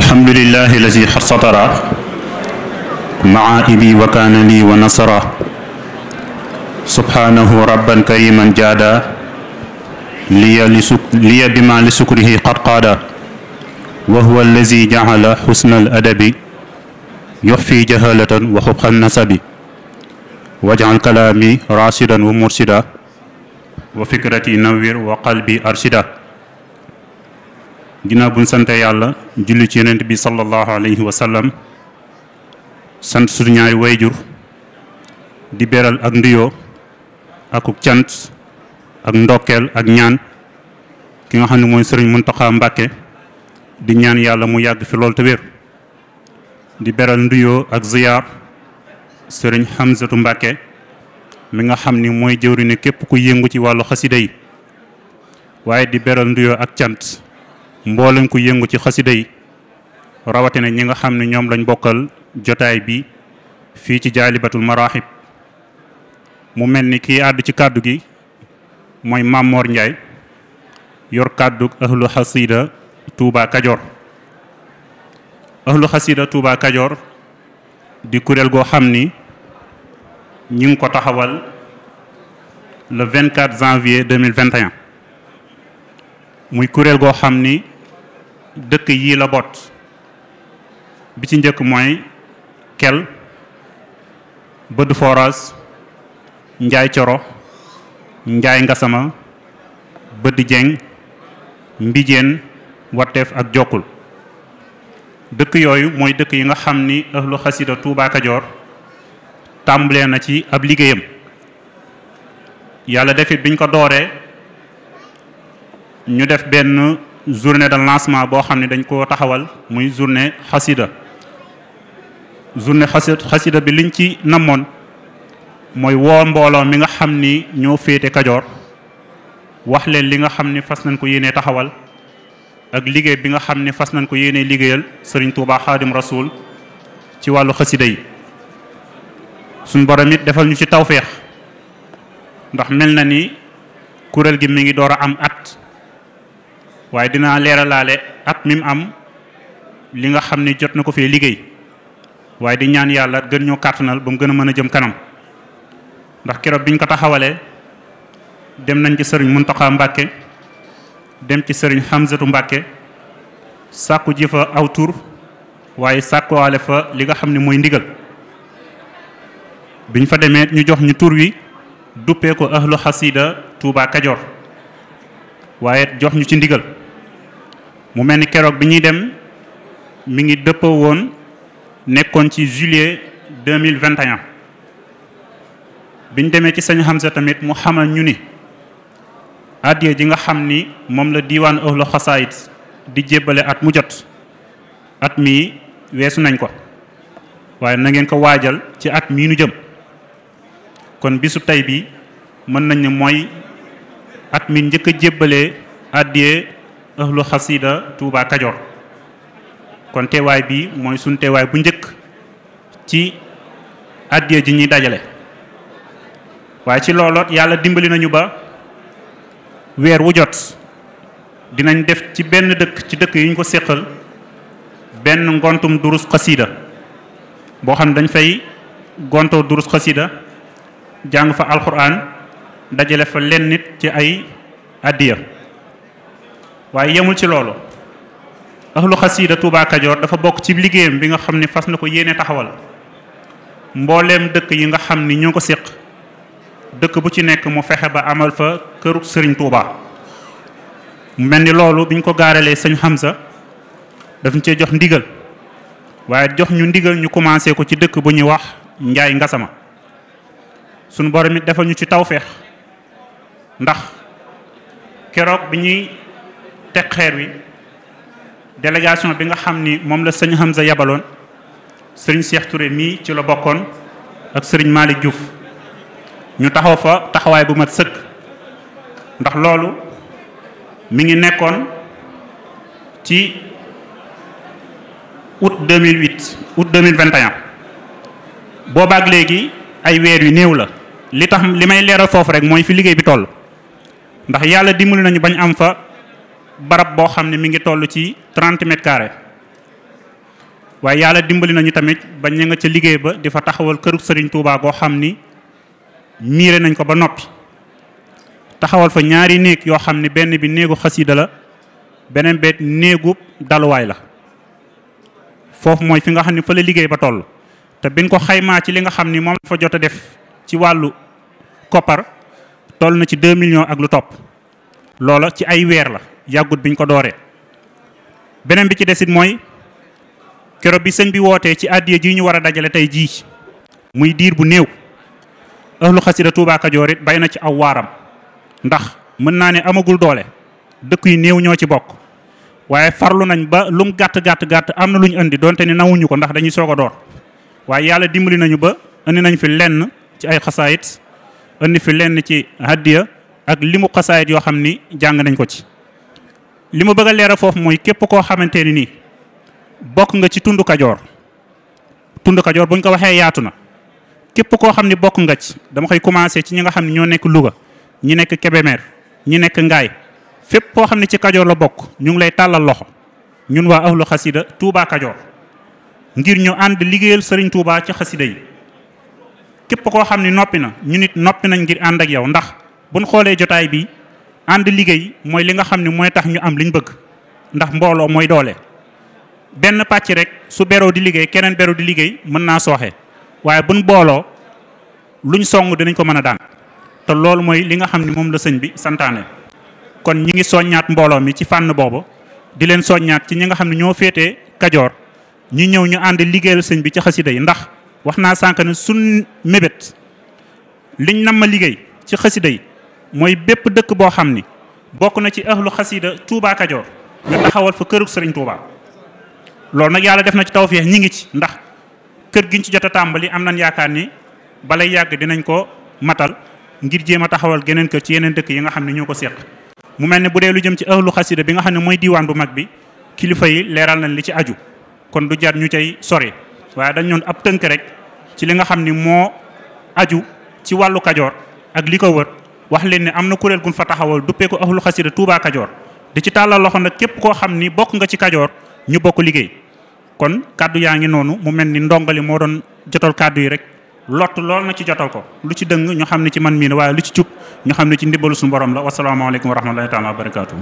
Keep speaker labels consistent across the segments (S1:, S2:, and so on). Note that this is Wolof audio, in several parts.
S1: الحمد لله الذي سطر معائبي وكان لي ونصر سبحانه ربا كريما جادا لي, لسك لي بما لسكره قد قادا وهو الذي جعل حسن الأدب يخفي جهالة وخبخ النسب واجعل كلامي راشدا ومرشدا وفكرتي نوير وقلبي أرشدا bu buñ sante yàlla julli ci yonent bi sallallahu alayhi wa sallam sant suñu ñaari wayjur di beral ak nduyoo akuk cant ak ndokkeel ak ñaan ki nga xam ne mooy sëriñ Muntaxa Mbàkke di ñaan yàlla mu yàgg fi lool te di beral nduyoo ak ziyaar sëriñ Hamzatu Mbàkke mi nga xam ni mooy jëwri képp ku yëngu ci wàllu xasida yi waaye di beral nduyoo ak cant mboolem ko yëngu ci xasida yi rawatina ñi nga xam ne ñoom lañ bokkal jotaay bi fii ci jaalibatul maraaxib mu mel ni kii àddu ci kàddu gi mooy Mamor Ndiaye yor kàddu ahlu xasida Touba Kajoor ahlu xasida Touba Kajoor di kuréel goo xam ni ñi ngi ko taxawal le 24 janvier 2021 muy kuréel goo xam ni dëkk yii la boot bi ci njëkk mooy kel bëdd forage njaay coro njaay ngasama bëdd jeng mbijeen watteef ak jokkul dëkk yooyu mooy dëkk yi nga xam ni ahlu xasida Touba Kajoor tàmbalee na ci ab liggéeyam yàlla defit biñ ko dooree ñu def benn journée de lancement boo xam ne dañ koo taxawal muy journée xasida journée xasida bi liñ ci namoon mooy woo mbooloo mi nga xam ni ñoo féete kajoor wax leen li nga xam ni fas nañ ko yéenee taxawal ak liggéey bi nga xam ni fas nañ ko yéenee liggéeyal sëriñ Touba Xaadim rasuul ci wàllu xasida yi suñ borom it defal ñu ci tawféex ndax mel na ni kuréel gi mi ngi door a am at waaye dinaa leeralaale at mi mu am li nga xam ni jot na ko fee liggéey waaye di ñaan yàlla gën ñoo kàttanal ba mu gën a mën a jëm kanam ndax keroog biñ ko taxawale dem nañ ci sëriñ Muntaxa Mbàkke dem ci sëriñ xamsetu Mbàkke sàkku ji fa aw tur waaye sàkkuwaale fa li nga xam ne mooy ndigal biñ fa demee ñu jox ñu tur wi duppee ko ahlu xasida Touba Kajoor waaye jox ñu ci ndigal mu mel ni keroog bi ñuy dem mi ngi dëppoo woon nekkoon ci juillet deux mille vingt et un demee ci sëñ sa tamit mu xamal ñu ni addiya ji nga xam ni moom la diiwaan Ahlu Xasaayid di jébbale at mu jot at mii weesu nañ ko waaye na ngeen ko waajal ci at mii nu jëm kon bisu tey bi mën nañ ne mooy at mi njëkk a jébbalee addiya ëhlu xasida Touba Kajoor kon teewaay bii mooy suñ teewaay bu njëkk ci addiya ji ñuy dajale waaye ci looloot yàlla dimbali nañu ba weer wu jot dinañ def ci benn dëkk ci dëkk yi ñu ko séqal benn ngontum durus xasida boo xam ne dañ fay gontoo durus xasida jàng fa alxuraan dajale fa lenn nit ci ay addiya waaye yemul ci loolu ahlu xasida Touba Kajoor dafa bokk ci liggéeyam bi nga xam ni fas na ko yéene taxawal mbooleem dëkk yi nga xam ni ñoo ko séq dëkk bu ci nekk mu fexe ba amal fa këru sëriñ Touba. mu mel ni loolu bi ñu ko gaaralee sëñ Hamza daf ñu cee jox ndigal waaye jox ñu ndigal ñu commencé ko ci dëkk bu ñuy wax Njaay Ngasama sunu borom it defal ñu ci tawfeex ndax keroog bi ñuy teg xeer wi délégation bi nga xam ni moom la sëñ Hamza yabaloon sëriñ Cheikh Touré mii ci la bokkoon ak sëriñ Malick Diouf ñu taxaw fa taxawaay bu mat sëkk ndax loolu mi ngi nekkoon ci août 2008 août 2021 boobaak léegi ay weer yu néew la li tax li may leeral foofu rek mooy fi liggéey bi toll ndax yàlla dimbali nañu bañ am fa barab boo xam ne mi ngi toll ci 30 mètres waaye yàlla dimbali nañu tamit ba ña nga ca liggéey ba di fa taxawal këru sëriñ Touba goo xam ni miire nañ ko ba noppi taxawal fa ñaari néeg yoo xam ne benn bi néegu xasida la beneen beet néegu daluwaay la foofu mooy fi nga xam ne fa la liggéey ba toll te biñ ko xaymaa ci li nga xam ni moom la fa jot a def ci wàllu koppar toll na ci 2 million ak lu topp loola ci ay weer la yàggut biñ ko dooree beneen bi ci desit mooy keroog bi sëñ bi wootee ci àddiya ji ñu war a dajale tey jii muy diir bu néew ahlu xasida Tuubaa Kajoor it bay na ci aw waaram ndax mën naa ne amagul doole dëkk yi néew ñoo ci bokk waaye farlu nañ ba lum gàtt gàtt gàtt am na lu ñu indi donte ni nawuñu ko ndax dañuy soog a door waaye yàlla dimbali nañu ba indi nañ fi lenn ci ay xasaayit indi fi lenn ci haddiya ak limu xasaayit yoo xam ni jàng nañ ko ci li ma bëgg a foofu mooy képp koo xamante ne nii bokk nga ci tund kajoor tund kajoor buñ ko waxee yaatu na képp koo xam ne bokk nga ci dama koy commencé ci ñi nga xam ne ñoo nekk Louga ñi nekk Kébémer ñi nekk Ngaay fépp koo xam ne ci kajoor la bokk ñu ngi lay tàllal loxo ñun waa ahlu xasida tuubaa kajoor ngir ñu ànd liggéeyal Serigne Touba ci xasida yi képp koo xam ne noppi na ñu nit noppi nañ ngir ànd ak yow ndax buñ xoolee jotaay bi ànd liggéey mooy li nga xam ne mooy tax ñu am li ñu bëgg ndax mbooloo mooy doole benn pàcc rek su beroo di liggéey keneen beroo di liggéey mën naa sooxe waaye buñ mbooloo luñ song dinañ ko mën a daan te loolu mooy li nga xam ni moom la sëñ bi santaane. kon ñi ngi soññaat mbooloo mi ci fànn boobu di leen soññaat ci ñi nga xam ne ñoo féete kajoor ñu ñëw ñu ànd liggéeyal sëñ bi ci xasida yi ndax wax naa sànq ne suñ mébét liñ nam liggéey ci xasida yi mooy bépp dëkk boo xam ni bokk na ci ahlu xasida Touba Kajoor nga taxawal fa kërug sëriñ Touba loolu nag yàlla def na ci tawféex ñi ngi ci ndax kër giñ ci jot a tàmbali am nañ yaakaar ni balay yàgg dinañ ko matal ngir jéem a taxawal geneen kër ci yeneen dëkk yi nga xam ne ñoo ko séq mu mel ne bu dee lu jëm ci ahlu xasida bi nga xam ne mooy diiwaan bu mag bi kilifa yi leeral nañ li ci aju kon du jar ñu cay sore waaye dañ ñoon ab tënk rek ci li nga xam ni moo aju ci wàllu kajoor ak li ko wër wax leen ni am na kuréel fa taxawal duppee ko ahlu xasida Touba kadior di ci tàllal loxo nag képp koo xam ni bokk nga ci kadior ñu bokk liggéey kon kàddu yaa ngi noonu mu mel ni ndongali moo doon jotal kàddu yi rek lott lool na ci jotal ko lu ci dëng ñu xam ne ci man mii la waaye lu ci ñu xam ci ndimbalu suñu borom la wasalaamaaleykum wa rahmatullahi taala wa barakaatu.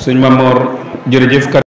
S1: suñ Mamor jërëjëf